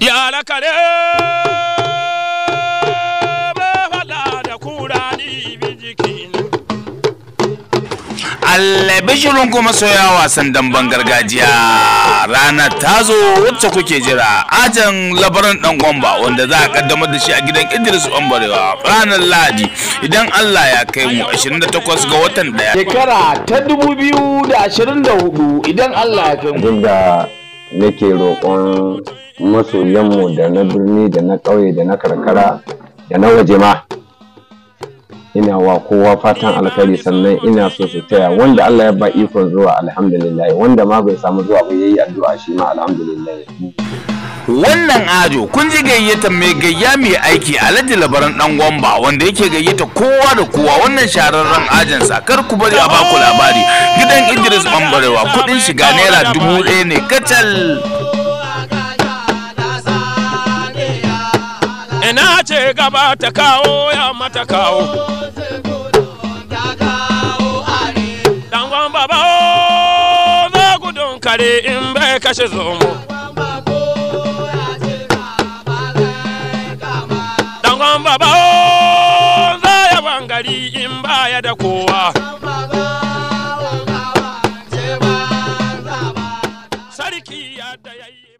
ya lakare Allah bishirin kuma soya wasan damben gargajiya Rana ta zo wacce kuke jira ajan labaran dan gwamba wanda za a kaddamar da shi a gidan Idris ɓambarewa ranar Lahadi idan Allah ya kai mu 28 ga watan daya shekara ta 2024 idan Allah ya kai mu da nake roƙon masoyanmu da na birni da na ƙauye da na karkara da na waje ma ina wa kowa fatan alkhairi sannan ina so su taya wanda Allah ya ba ikon zuwa alhamdulillah wanda ma bai samu zuwa ba yayi addu'a shi ma alhamdulillah wannan ajo kun ji gayyata mai gayya mai aiki alhaji labaran dan gwamba wanda yake gayyata kowa da kowa wannan shararren ajin sa kar ku bari a baku labari gidan Idris Bambarewa kudin shiga naira dubu ɗaya ne kacal ce gaba ta kawo ya mata kawo dangon baba o oh, za gudun kare in bai kashe zomo dangon baba o oh, za ya bangari in baya da kowa sarki ya da yayi